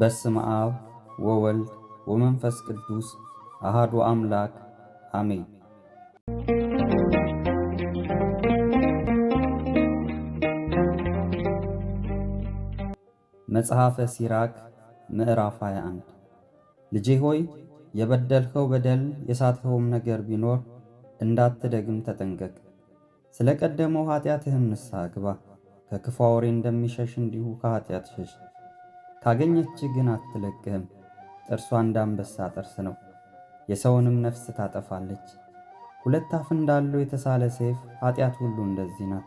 በስም አብ ወወልድ ወመንፈስ ቅዱስ አሃዱ አምላክ አሜን። መጽሐፈ ሲራክ ምዕራፍ 21 ልጄ ሆይ የበደልኸው በደል የሳትኸውም ነገር ቢኖር እንዳትደግም ተጠንቀቅ። ስለ ቀደመው ኃጢአትህም ንስሐ ግባ። ከክፉ አውሬ እንደሚሸሽ እንዲሁ ከኃጢአት ሸሽ። ካገኘች ግን አትለቅህም። ጥርሷ እንደ አንበሳ ጥርስ ነው፣ የሰውንም ነፍስ ታጠፋለች። ሁለት አፍ እንዳለው የተሳለ ሰይፍ ኃጢአት ሁሉ እንደዚህ ናት።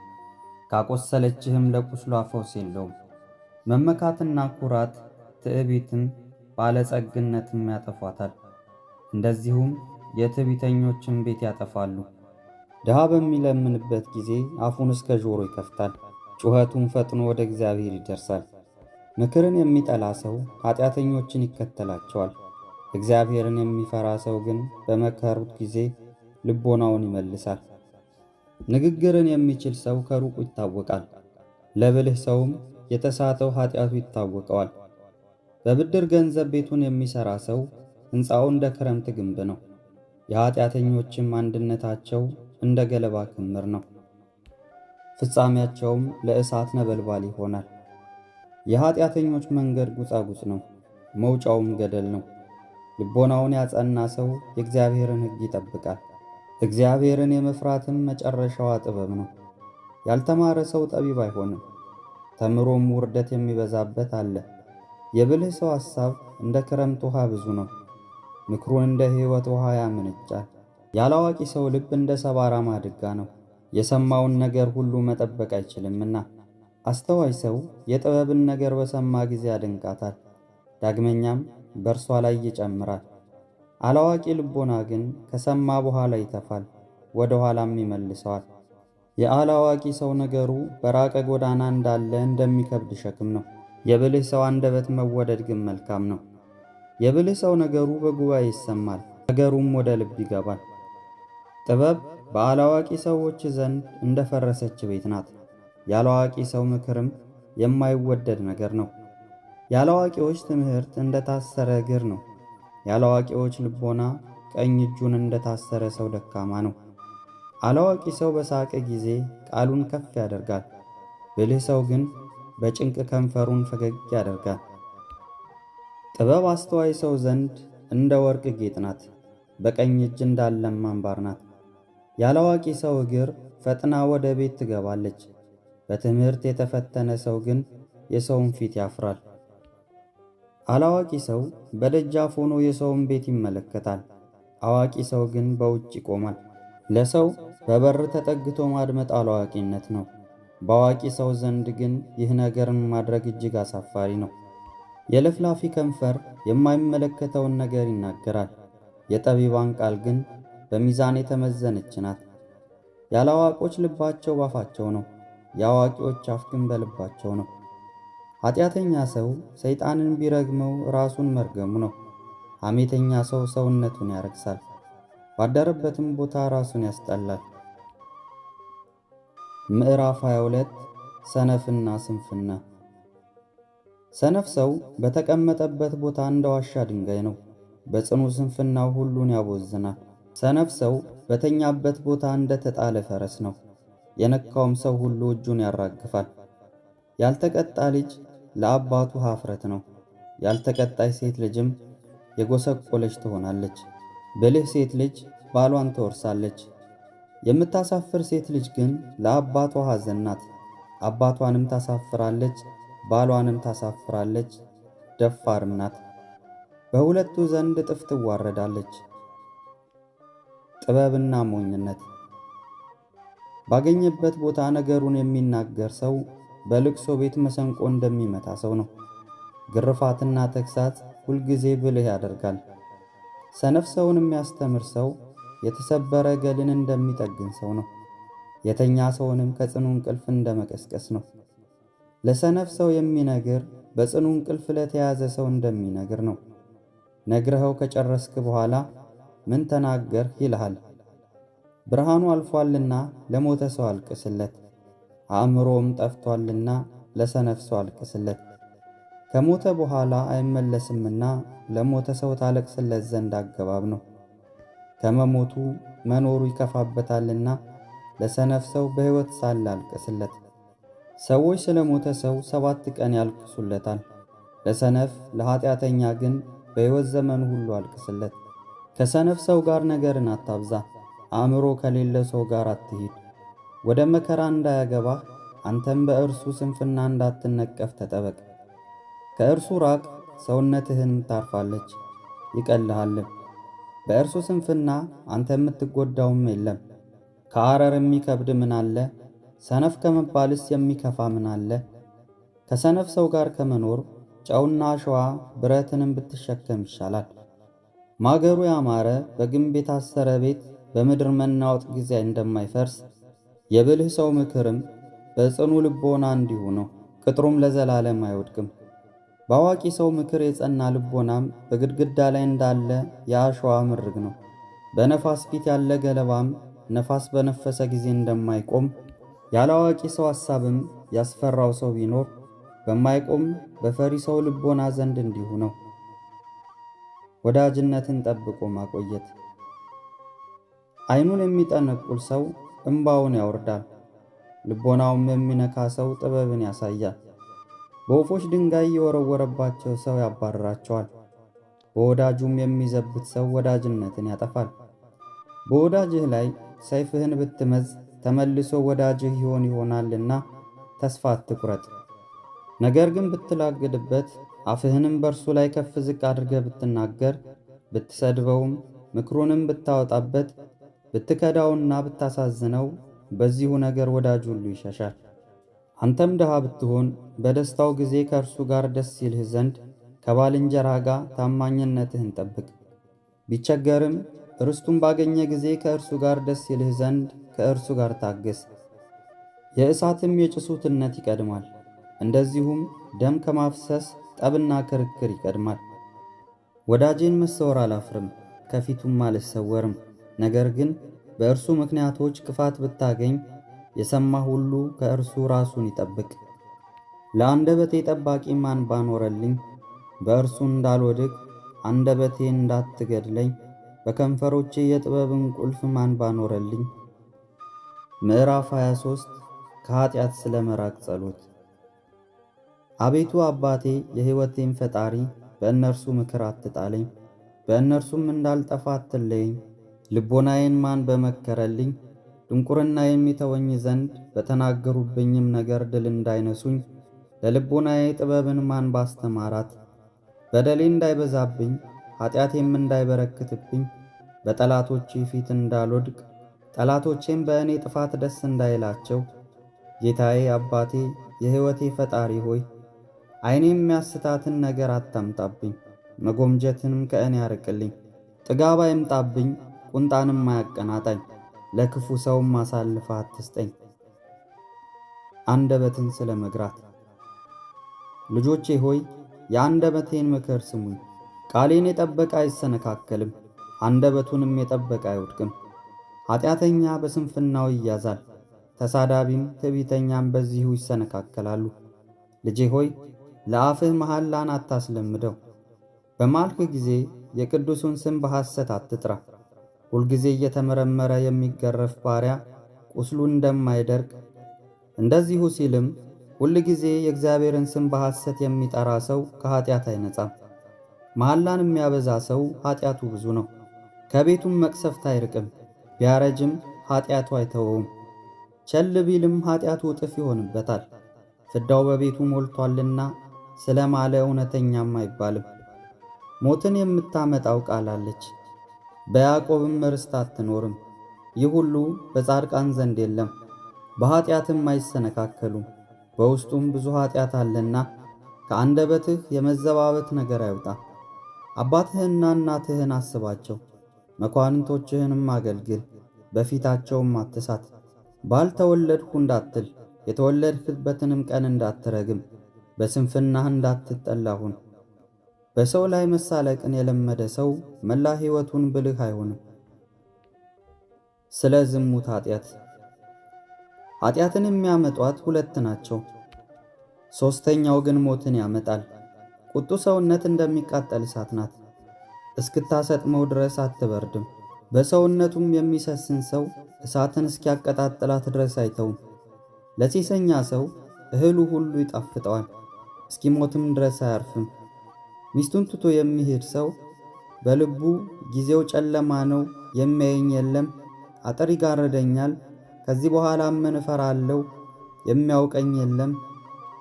ካቆሰለችህም ለቁስሏ ፈውስ የለውም። መመካትና ኩራት ትዕቢትም ባለጸግነትም ያጠፏታል። እንደዚሁም የትዕቢተኞችን ቤት ያጠፋሉ። ድሃ በሚለምንበት ጊዜ አፉን እስከ ጆሮ ይከፍታል፣ ጩኸቱን ፈጥኖ ወደ እግዚአብሔር ይደርሳል። ምክርን የሚጠላ ሰው ኃጢአተኞችን ይከተላቸዋል። እግዚአብሔርን የሚፈራ ሰው ግን በመከሩት ጊዜ ልቦናውን ይመልሳል። ንግግርን የሚችል ሰው ከሩቁ ይታወቃል፣ ለብልህ ሰውም የተሳተው ኃጢአቱ ይታወቀዋል። በብድር ገንዘብ ቤቱን የሚሠራ ሰው ሕንፃው እንደ ክረምት ግንብ ነው፣ የኃጢአተኞችም አንድነታቸው እንደ ገለባ ክምር ነው፣ ፍጻሜያቸውም ለእሳት ነበልባል ይሆናል። የኃጢአተኞች መንገድ ጉጻጉጽ ነው፣ መውጫውም ገደል ነው። ልቦናውን ያጸና ሰው የእግዚአብሔርን ሕግ ይጠብቃል። እግዚአብሔርን የመፍራትም መጨረሻዋ ጥበብ ነው። ያልተማረ ሰው ጠቢብ አይሆንም፣ ተምሮም ውርደት የሚበዛበት አለ። የብልህ ሰው ሐሳብ እንደ ክረምት ውሃ ብዙ ነው፣ ምክሩን እንደ ሕይወት ውሃ ያምንጫል። ያላዋቂ ሰው ልብ እንደ ሰባራ ማድጋ ነው፣ የሰማውን ነገር ሁሉ መጠበቅ አይችልምና። አስተዋይ ሰው የጥበብን ነገር በሰማ ጊዜ ያደንቃታል፣ ዳግመኛም በእርሷ ላይ ይጨምራል። አላዋቂ ልቦና ግን ከሰማ በኋላ ይተፋል፣ ወደ ኋላም ይመልሰዋል። የአላዋቂ ሰው ነገሩ በራቀ ጎዳና እንዳለ እንደሚከብድ ሸክም ነው። የብልህ ሰው አንደበት መወደድ ግን መልካም ነው። የብልህ ሰው ነገሩ በጉባኤ ይሰማል፣ ነገሩም ወደ ልብ ይገባል። ጥበብ በአላዋቂ ሰዎች ዘንድ እንደፈረሰች ቤት ናት። ያለ አዋቂ ሰው ምክርም የማይወደድ ነገር ነው። ያለ አዋቂዎች ትምህርት እንደታሰረ እግር ነው። ያለ አዋቂዎች ልቦና ቀኝ እጁን እንደታሰረ ሰው ደካማ ነው። አላዋቂ ሰው በሳቀ ጊዜ ቃሉን ከፍ ያደርጋል። ብልህ ሰው ግን በጭንቅ ከንፈሩን ፈገግ ያደርጋል። ጥበብ አስተዋይ ሰው ዘንድ እንደ ወርቅ ጌጥ ናት፣ በቀኝ እጅ እንዳለም አምባር ናት። ያላዋቂ ሰው እግር ፈጥና ወደ ቤት ትገባለች፣ በትምህርት የተፈተነ ሰው ግን የሰውን ፊት ያፍራል። አላዋቂ ሰው በደጃፍ ሆኖ የሰውን ቤት ይመለከታል። አዋቂ ሰው ግን በውጭ ይቆማል። ለሰው በበር ተጠግቶ ማድመጥ አላዋቂነት ነው። በአዋቂ ሰው ዘንድ ግን ይህ ነገርን ማድረግ እጅግ አሳፋሪ ነው። የለፍላፊ ከንፈር የማይመለከተውን ነገር ይናገራል። የጠቢባን ቃል ግን በሚዛን የተመዘነች ናት። ያላዋቆች ልባቸው ባፋቸው ነው። የአዋቂዎች አፍ ግን በልባቸው ነው። ኃጢአተኛ ሰው ሰይጣንን ቢረግመው ራሱን መርገሙ ነው። ሐሜተኛ ሰው ሰውነቱን ያረግሳል። ባደረበትም ቦታ ራሱን ያስጠላል። ምዕራፍ 22 ሰነፍና ስንፍና። ሰነፍ ሰው በተቀመጠበት ቦታ እንደ ዋሻ ድንጋይ ነው፣ በጽኑ ስንፍናው ሁሉን ያቦዝናል። ሰነፍ ሰው በተኛበት ቦታ እንደ ተጣለ ፈረስ ነው፣ የነካውም ሰው ሁሉ እጁን ያራግፋል። ያልተቀጣ ልጅ ለአባቱ ሀፍረት ነው፣ ያልተቀጣች ሴት ልጅም የጎሰቆለች ትሆናለች። ብልህ ሴት ልጅ ባሏን ትወርሳለች። የምታሳፍር ሴት ልጅ ግን ለአባቷ ሐዘን ናት። አባቷንም ታሳፍራለች፣ ባሏንም ታሳፍራለች፣ ደፋርም ናት። በሁለቱ ዘንድ እጥፍ ትዋረዳለች። ጥበብና ሞኝነት ባገኘበት ቦታ ነገሩን የሚናገር ሰው በልቅሶ ቤት መሰንቆ እንደሚመታ ሰው ነው። ግርፋትና ተግሳጽ ሁልጊዜ ብልህ ያደርጋል። ሰነፍ ሰውን የሚያስተምር ሰው የተሰበረ ገልን እንደሚጠግን ሰው ነው። የተኛ ሰውንም ከጽኑ እንቅልፍ እንደመቀስቀስ ነው። ለሰነፍ ሰው የሚነግር በጽኑ እንቅልፍ ለተያዘ ሰው እንደሚነግር ነው። ነግረኸው ከጨረስክ በኋላ ምን ተናገርህ ይልሃል። ብርሃኑ አልፏልና ለሞተ ሰው አልቅስለት፣ አእምሮም ጠፍቷልና ለሰነፍ ሰው አልቅስለት። ከሞተ በኋላ አይመለስምና ለሞተ ሰው ታለቅስለት ዘንድ አገባብ ነው። ከመሞቱ መኖሩ ይከፋበታልና ለሰነፍ ሰው በሕይወት ሳለ አልቅስለት። ሰዎች ስለ ሞተ ሰው ሰባት ቀን ያልቅሱለታል። ለሰነፍ ለኃጢአተኛ ግን በሕይወት ዘመኑ ሁሉ አልቅስለት። ከሰነፍ ሰው ጋር ነገርን አታብዛ፣ አእምሮ ከሌለ ሰው ጋር አትሂድ፣ ወደ መከራ እንዳያገባህ አንተም በእርሱ ስንፍና እንዳትነቀፍ ተጠበቅ። ከእርሱ ራቅ፣ ሰውነትህንም ታርፋለች ይቀልሃልም። በእርሱ ስንፍና አንተ የምትጎዳውም የለም። ከአረር የሚከብድ ምን አለ? ሰነፍ ከመባልስ የሚከፋ ምን አለ? ከሰነፍ ሰው ጋር ከመኖር ጨውና አሸዋ ብረትንም ብትሸከም ይሻላል። ማገሩ ያማረ በግንብ የታሰረ ቤት በምድር መናወጥ ጊዜ እንደማይፈርስ የብልህ ሰው ምክርም በጽኑ ልቦና እንዲሁ ነው፣ ቅጥሩም ለዘላለም አይወድቅም። በአዋቂ ሰው ምክር የጸና ልቦናም በግድግዳ ላይ እንዳለ የአሸዋ ምርግ ነው። በነፋስ ፊት ያለ ገለባም ነፋስ በነፈሰ ጊዜ እንደማይቆም ያለ አዋቂ ሰው ሐሳብም ያስፈራው ሰው ቢኖር በማይቆም በፈሪ ሰው ልቦና ዘንድ እንዲሁ ነው። ወዳጅነትን ጠብቆ ማቆየት አይኑን የሚጠነቁል ሰው እምባውን ያወርዳል፣ ልቦናውም የሚነካ ሰው ጥበብን ያሳያል። በወፎች ድንጋይ የወረወረባቸው ሰው ያባርራቸዋል፣ በወዳጁም የሚዘብት ሰው ወዳጅነትን ያጠፋል። በወዳጅህ ላይ ሰይፍህን ብትመዝ ተመልሶ ወዳጅህ ይሆን ይሆናልና ተስፋ አትቁረጥ። ነገር ግን ብትላግድበት፣ አፍህንም በእርሱ ላይ ከፍ ዝቅ አድርገህ ብትናገር፣ ብትሰድበውም ምክሩንም ብታወጣበት ብትከዳውና ብታሳዝነው በዚሁ ነገር ወዳጅ ሁሉ ይሸሻል። አንተም ድሃ ብትሆን በደስታው ጊዜ ከእርሱ ጋር ደስ ይልህ ዘንድ ከባልንጀራ ጋር ታማኝነትህን ጠብቅ። ቢቸገርም ርስቱን ባገኘ ጊዜ ከእርሱ ጋር ደስ ይልህ ዘንድ ከእርሱ ጋር ታግስ። የእሳትም የጭሱትነት ይቀድማል። እንደዚሁም ደም ከማፍሰስ ጠብና ክርክር ይቀድማል። ወዳጄን መሰወር አላፍርም፣ ከፊቱም አልሰወርም። ነገር ግን በእርሱ ምክንያቶች ክፋት ብታገኝ የሰማ ሁሉ ከእርሱ ራሱን ይጠብቅ። ለአንደበቴ ጠባቂ ማን ባኖረልኝ? በእርሱ እንዳልወድቅ አንደበቴ እንዳትገድለኝ በከንፈሮቼ የጥበብን ቁልፍ ማን ባኖረልኝ። ምዕራፍ 23 ከኃጢአት ስለ መራቅ ጸሎት። አቤቱ አባቴ የሕይወቴን ፈጣሪ በእነርሱ ምክር አትጣለኝ፣ በእነርሱም እንዳልጠፋ አትለየኝ። ልቦናዬን ማን በመከረልኝ ድንቁርና የሚተወኝ ዘንድ በተናገሩብኝም ነገር ድል እንዳይነሱኝ ለልቦናዬ ጥበብን ማን ባስተማራት በደሌ እንዳይበዛብኝ ኃጢአቴም እንዳይበረክትብኝ በጠላቶቼ ፊት እንዳልወድቅ ጠላቶቼም በእኔ ጥፋት ደስ እንዳይላቸው ጌታዬ አባቴ የሕይወቴ ፈጣሪ ሆይ ዐይኔ የሚያስታትን ነገር አታምጣብኝ፣ መጎምጀትንም ከእኔ አርቅልኝ ጥጋብ አይምጣብኝ፣ ቁንጣንም አያቀናጣኝ፣ ለክፉ ሰውም ማሳልፋ አትስጠኝ። አንደበትን ስለ መግራት ልጆቼ ሆይ የአንደበቴን ምክር ስሙኝ። ቃሌን የጠበቀ አይሰነካከልም፣ አንደበቱንም የጠበቀ አይወድቅም። ኃጢአተኛ በስንፍናው ይያዛል፣ ተሳዳቢም ትዕቢተኛም በዚሁ ይሰነካከላሉ። ልጄ ሆይ ለአፍህ መሐላን አታስለምደው፣ በማልክ ጊዜ የቅዱሱን ስም በሐሰት አትጥራ። ሁልጊዜ እየተመረመረ የሚገረፍ ባሪያ ቁስሉ እንደማይደርቅ እንደዚሁ ሲልም ሁልጊዜ የእግዚአብሔርን ስም በሐሰት የሚጠራ ሰው ከኀጢአት አይነጻም። መሐላን የሚያበዛ ሰው ኀጢአቱ ብዙ ነው፣ ከቤቱም መቅሰፍት አይርቅም። ቢያረጅም ኀጢአቱ አይተወውም፣ ቸል ቢልም ኀጢአቱ እጥፍ ይሆንበታል። ፍዳው በቤቱ ሞልቷልና ስለ ማለ እውነተኛም አይባልም። ሞትን የምታመጣው ቃል አለች። በያዕቆብም ርስት አትኖርም። ይህ ሁሉ በጻድቃን ዘንድ የለም፣ በኀጢአትም አይሰነካከሉም። በውስጡም ብዙ ኀጢአት አለና ከአንደበትህ የመዘባበት ነገር አይውጣ። አባትህና እናትህን አስባቸው፣ መኳንንቶችህንም አገልግል፣ በፊታቸውም አትሳት። ባልተወለድሁ እንዳትል የተወለድህበትንም ቀን እንዳትረግም፣ በስንፍናህ እንዳትጠላሁን በሰው ላይ መሳለቅን የለመደ ሰው መላ ሕይወቱን ብልህ አይሆንም። ስለ ዝሙት ኃጢአት ኃጢአትን የሚያመጧት ሁለት ናቸው፣ ሦስተኛው ግን ሞትን ያመጣል። ቁጡ ሰውነት እንደሚቃጠል እሳት ናት፣ እስክታሰጥመው ድረስ አትበርድም። በሰውነቱም የሚሰስን ሰው እሳትን እስኪያቀጣጥላት ድረስ አይተውም። ለሴሰኛ ሰው እህሉ ሁሉ ይጣፍጠዋል፣ እስኪሞትም ድረስ አያርፍም። ሚስቱን ትቶ የሚሄድ ሰው በልቡ ጊዜው ጨለማ ነው፣ የሚያየኝ የለም፣ አጥር ይጋርደኛል፣ ከዚህ በኋላ ምን እፈራለሁ፣ የሚያውቀኝ የለም፣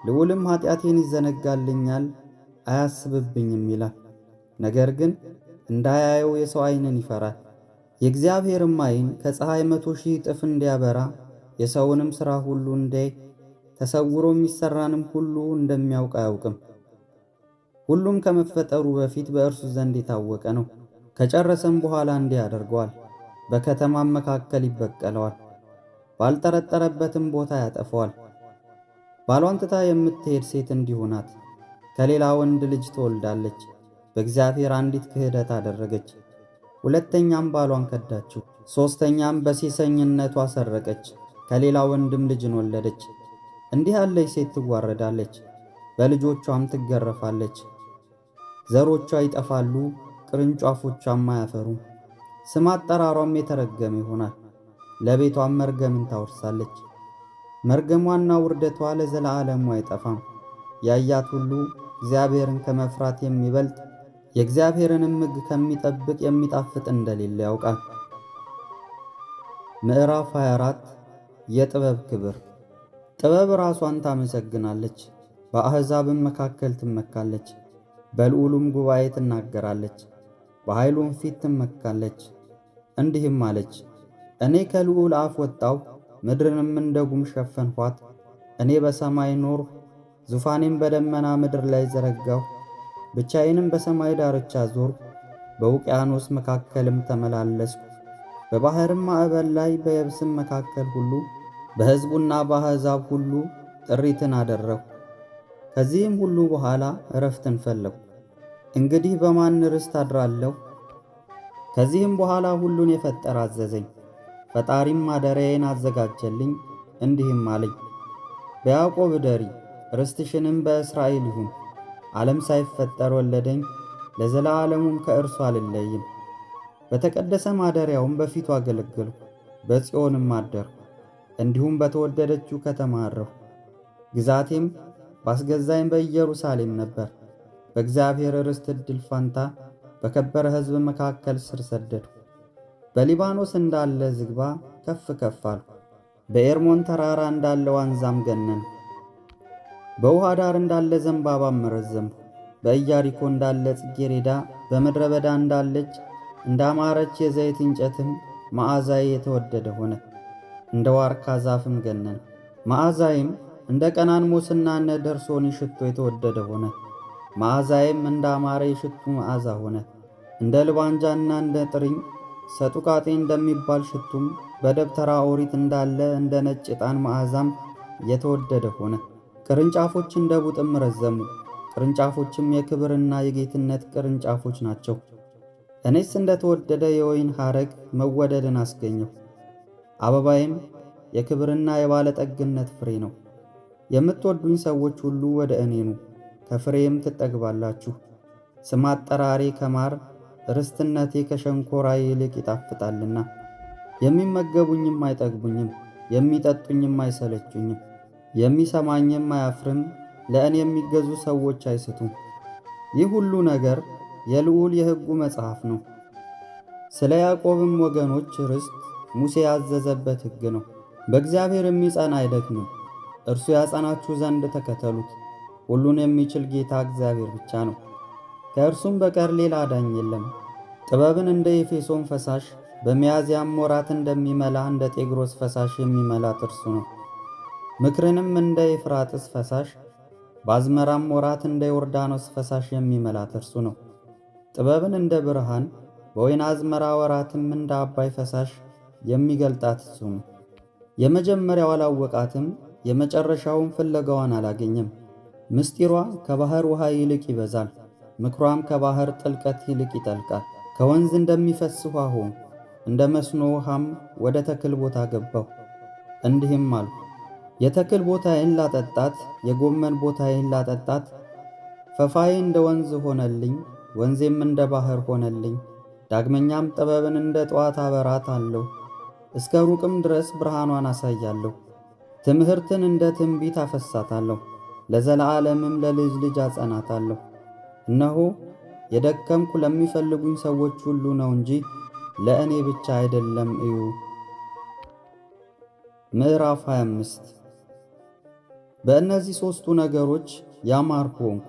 ልዑልም ኃጢአቴን ይዘነጋልኛል፣ አያስብብኝም ይላል። ነገር ግን እንዳያየው የሰው አይንን ይፈራል። የእግዚአብሔርም አይን ከፀሐይ መቶ ሺህ እጥፍ እንዲያበራ የሰውንም ሥራ ሁሉ እንዲያይ ተሰውሮ የሚሠራንም ሁሉ እንደሚያውቅ አያውቅም። ሁሉም ከመፈጠሩ በፊት በእርሱ ዘንድ የታወቀ ነው። ከጨረሰም በኋላ እንዲህ ያደርገዋል፣ በከተማም መካከል ይበቀለዋል፣ ባልጠረጠረበትም ቦታ ያጠፈዋል። ባሏን ትታ የምትሄድ ሴት እንዲሁ ናት። ከሌላ ወንድ ልጅ ትወልዳለች። በእግዚአብሔር አንዲት ክህደት አደረገች። ሁለተኛም ባሏን ከዳችው። ሦስተኛም በሴሰኝነቱ አሰረቀች ከሌላ ወንድም ልጅን ወለደች። እንዲህ ያለች ሴት ትዋረዳለች፣ በልጆቿም ትገረፋለች። ዘሮቿ ይጠፋሉ፣ ቅርንጫፎቿም አያፈሩም። ስም አጠራሯም የተረገመ ይሆናል፣ ለቤቷም መርገምን ታወርሳለች። መርገሟና ውርደቷ ለዘላለሙ አይጠፋም። ያያት ሁሉ እግዚአብሔርን ከመፍራት የሚበልጥ የእግዚአብሔርንም ሕግ ከሚጠብቅ የሚጣፍጥ እንደሌለ ያውቃል። ምዕራፍ 24 የጥበብ ክብር። ጥበብ ራሷን ታመሰግናለች፣ በአሕዛብም መካከል ትመካለች። በልዑሉም ጉባኤ ትናገራለች፣ በኃይሉም ፊት ትመካለች። እንዲህም አለች፣ እኔ ከልዑል አፍ ወጣው፣ ምድርንም እንደ ጉም ሸፈንኋት። እኔ በሰማይ ኖር ዙፋኔም በደመና ምድር ላይ ዘረጋሁ። ብቻዬንም በሰማይ ዳርቻ ዞር በውቅያኖስ መካከልም ተመላለስኩ። በባሕርም ማዕበል ላይ በየብስም መካከል ሁሉ በሕዝቡና በአሕዛብ ሁሉ ጥሪትን አደረግሁ። ከዚህም ሁሉ በኋላ እረፍትን ፈለግሁ። እንግዲህ በማን ርስት አድራለሁ? ከዚህም በኋላ ሁሉን የፈጠረ አዘዘኝ። ፈጣሪም ማደሪያዬን አዘጋጀልኝ፣ እንዲህም አለኝ፣ በያዕቆብ እደሪ፣ ርስትሽንም በእስራኤል ይሁን። ዓለም ሳይፈጠር ወለደኝ፣ ለዘላለሙም ከእርሱ አልለይም። በተቀደሰ ማደሪያውም በፊቱ አገለገልሁ፣ በጽዮንም አደርሁ። እንዲሁም በተወደደችው ከተማ አረሁ። ግዛቴም ባስገዛኝ በኢየሩሳሌም ነበር። በእግዚአብሔር ርስት ዕድል ፋንታ በከበረ ሕዝብ መካከል ስር ሰደድሁ። በሊባኖስ እንዳለ ዝግባ ከፍ ከፍ አልሁ። በኤርሞን ተራራ እንዳለ ዋንዛም ገነን በውሃ ዳር እንዳለ ዘንባባም መረዘምሁ። በኢያሪኮ እንዳለ ጽጌሬዳ በምድረ በዳ እንዳለች እንዳማረች የዘይት እንጨትም መዓዛዬ የተወደደ ሆነ። እንደ ዋርካ ዛፍም ገነን መዓዛዬም እንደ ቀናንሞስና እንደ ደርሶኒ ሽቶ የተወደደ ሆነ። መዓዛዬም እንዳማረ የሽቱ መዓዛ ሆነ። እንደ ልባንጃና እንደ ጥሪኝ ሰጡቃጤ እንደሚባል ሽቱም በደብተራ ኦሪት እንዳለ እንደ ነጭ ዕጣን መዓዛም የተወደደ ሆነ። ቅርንጫፎች እንደ ቡጥም ረዘሙ። ቅርንጫፎችም የክብርና የጌትነት ቅርንጫፎች ናቸው። እኔስ እንደተወደደ የወይን ሐረግ መወደድን አስገኘሁ። አበባዬም የክብርና የባለጠግነት ፍሬ ነው። የምትወዱኝ ሰዎች ሁሉ ወደ እኔ ኑ። ከፍሬም ትጠግባላችሁ። ስም አጠራሬ ከማር ርስትነቴ ከሸንኮራ ይልቅ ይጣፍጣልና የሚመገቡኝም አይጠግቡኝም፣ የሚጠጡኝም አይሰለቹኝም፣ የሚሰማኝም አያፍርም፣ ለእኔ የሚገዙ ሰዎች አይስቱም። ይህ ሁሉ ነገር የልዑል የሕጉ መጽሐፍ ነው። ስለ ያዕቆብም ወገኖች ርስት ሙሴ ያዘዘበት ሕግ ነው። በእግዚአብሔር የሚጸና አይደክምም። እርሱ ያጸናችሁ ዘንድ ተከተሉት። ሁሉን የሚችል ጌታ እግዚአብሔር ብቻ ነው። ከእርሱም በቀር ሌላ አዳኝ የለም። ጥበብን እንደ ኤፌሶን ፈሳሽ በሚያዝያም ወራት እንደሚመላ እንደ ጤግሮስ ፈሳሽ የሚመላት እርሱ ነው። ምክርንም እንደ ኤፍራጥስ ፈሳሽ በአዝመራም ወራት እንደ ዮርዳኖስ ፈሳሽ የሚመላት እርሱ ነው። ጥበብን እንደ ብርሃን በወይን አዝመራ ወራትም እንደ አባይ ፈሳሽ የሚገልጣት እሱ ነው። የመጀመሪያው አላወቃትም፣ የመጨረሻውን ፍለጋዋን አላገኘም። ምስጢሯ ከባሕር ውሃ ይልቅ ይበዛል፣ ምክሯም ከባሕር ጥልቀት ይልቅ ይጠልቃል። ከወንዝ እንደሚፈስ ውሃ ሆንኩ፣ እንደ መስኖ ውሃም ወደ ተክል ቦታ ገባሁ። እንዲህም አልኩ፣ የተክል ቦታዬን ላጠጣት፣ የጎመን ቦታዬን ላጠጣት። ፈፋዬ እንደ ወንዝ ሆነልኝ፣ ወንዜም እንደ ባሕር ሆነልኝ። ዳግመኛም ጥበብን እንደ ጠዋት አበራት አለሁ፣ እስከ ሩቅም ድረስ ብርሃኗን አሳያለሁ። ትምህርትን እንደ ትንቢት አፈሳታለሁ። ለዘላለምም ለልጅ ልጅ አጸናታለሁ። እነሆ የደከምኩ ለሚፈልጉኝ ሰዎች ሁሉ ነው እንጂ ለእኔ ብቻ አይደለም። እዩ። ምዕራፍ 25 በእነዚህ ሦስቱ ነገሮች ያማርኩ ሆንኩ፣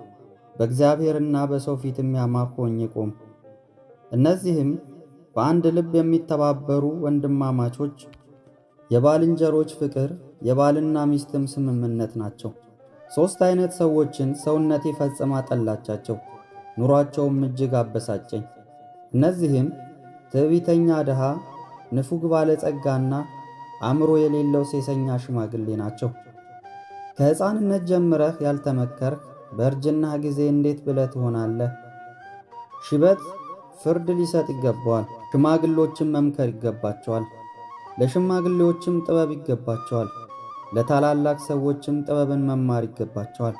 በእግዚአብሔርና በሰው ፊትም ያማርኩ ሆኜ ቆምኩ። እነዚህም በአንድ ልብ የሚተባበሩ ወንድማማቾች፣ የባልንጀሮች ፍቅር፣ የባልና ሚስትም ስምምነት ናቸው። ሦስት አይነት ሰዎችን ሰውነቴ ፈጽማ ጠላቻቸው፣ ኑሯቸውም እጅግ አበሳጨኝ። እነዚህም ትዕቢተኛ ድሃ፣ ንፉግ ባለጸጋና አእምሮ የሌለው ሴሰኛ ሽማግሌ ናቸው። ከሕፃንነት ጀምረህ ያልተመከርህ በእርጅና ጊዜ እንዴት ብለህ ትሆናለህ? ሽበት ፍርድ ሊሰጥ ይገባዋል። ሽማግሎችም መምከር ይገባቸዋል። ለሽማግሌዎችም ጥበብ ይገባቸዋል። ለታላላቅ ሰዎችም ጥበብን መማር ይገባቸዋል።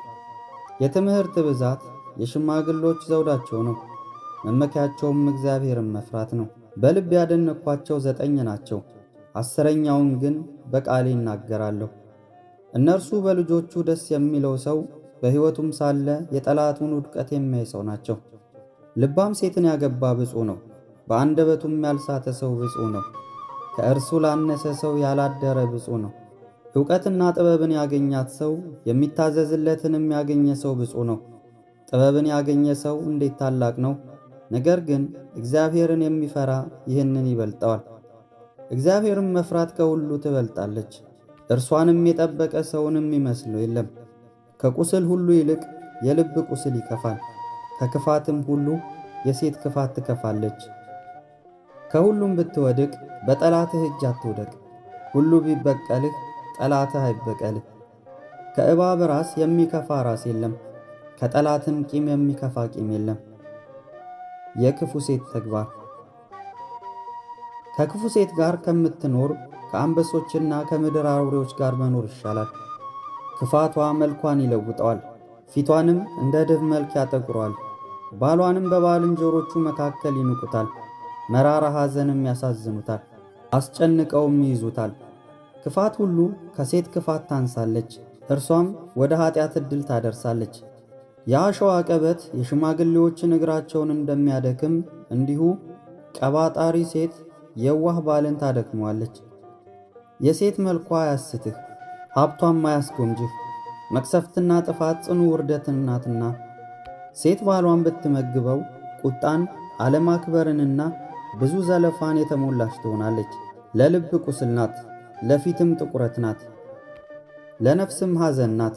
የትምህርት ብዛት የሽማግሎች ዘውዳቸው ነው፣ መመኪያቸውም እግዚአብሔርን መፍራት ነው። በልብ ያደነኳቸው ዘጠኝ ናቸው፣ አስረኛውን ግን በቃሌ ይናገራለሁ። እነርሱ በልጆቹ ደስ የሚለው ሰው በሕይወቱም ሳለ የጠላቱን ውድቀት የሚያይ ሰው ናቸው። ልባም ሴትን ያገባ ብፁ ነው፣ በአንደበቱም ያልሳተ ሰው ብፁ ነው። ከእርሱ ላነሰ ሰው ያላደረ ብፁ ነው። እውቀትና ጥበብን ያገኛት ሰው የሚታዘዝለትንም ያገኘ ሰው ብፁ ነው። ጥበብን ያገኘ ሰው እንዴት ታላቅ ነው! ነገር ግን እግዚአብሔርን የሚፈራ ይህንን ይበልጠዋል። እግዚአብሔርን መፍራት ከሁሉ ትበልጣለች። እርሷንም የጠበቀ ሰውንም ይመስለው የለም። ከቁስል ሁሉ ይልቅ የልብ ቁስል ይከፋል። ከክፋትም ሁሉ የሴት ክፋት ትከፋለች። ከሁሉም ብትወድቅ በጠላትህ እጅ አትውደቅ። ሁሉ ቢበቀልህ ጠላትህ አይበቀል። ከእባብ ራስ የሚከፋ ራስ የለም፣ ከጠላትም ቂም የሚከፋ ቂም የለም። የክፉ ሴት ተግባር ከክፉ ሴት ጋር ከምትኖር ከአንበሶችና ከምድር አውሬዎች ጋር መኖር ይሻላል። ክፋቷ መልኳን ይለውጠዋል፣ ፊቷንም እንደ ድብ መልክ ያጠቁረዋል። ባሏንም በባልንጀሮቹ መካከል ይንቁታል፣ መራራ ሐዘንም ያሳዝኑታል፣ አስጨንቀውም ይይዙታል። ክፋት ሁሉ ከሴት ክፋት ታንሳለች፣ እርሷም ወደ ኃጢአት ዕድል ታደርሳለች። የአሸዋ ቀበት የሽማግሌዎችን እግራቸውን እንደሚያደክም እንዲሁ ቀባጣሪ ሴት የዋህ ባልን ታደክመዋለች። የሴት መልኳ አያስትህ፣ ሀብቷም አያስጎምጅህ። መቅሰፍትና ጥፋት ጽኑ ውርደትን ናትና ሴት ባሏን ብትመግበው ቁጣን አለማክበርንና ብዙ ዘለፋን የተሞላች ትሆናለች። ለልብ ቁስል ናት። ለፊትም ጥቁረት ናት፣ ለነፍስም ሐዘን ናት።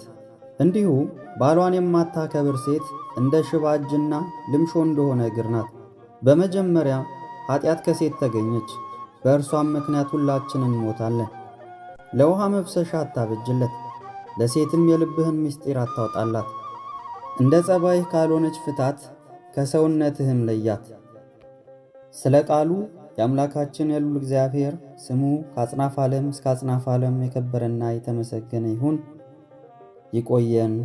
እንዲሁ ባሏን የማታከብር ሴት እንደ ሽባ እጅና ልምሾ እንደሆነ እግር ናት። በመጀመሪያ ኃጢአት ከሴት ተገኘች፣ በእርሷም ምክንያት ሁላችን እንሞታለን። ለውሃ መፍሰሻ አታበጅለት፣ ለሴትም የልብህን ምስጢር አታውጣላት። እንደ ጸባይህ ካልሆነች ፍታት፣ ከሰውነትህም ለያት። ስለ ቃሉ የአምላካችን የሉል እግዚአብሔር ስሙ ከአጽናፍ ዓለም እስከ አጽናፍ ዓለም የከበረና የተመሰገነ ይሁን። ይቆየን።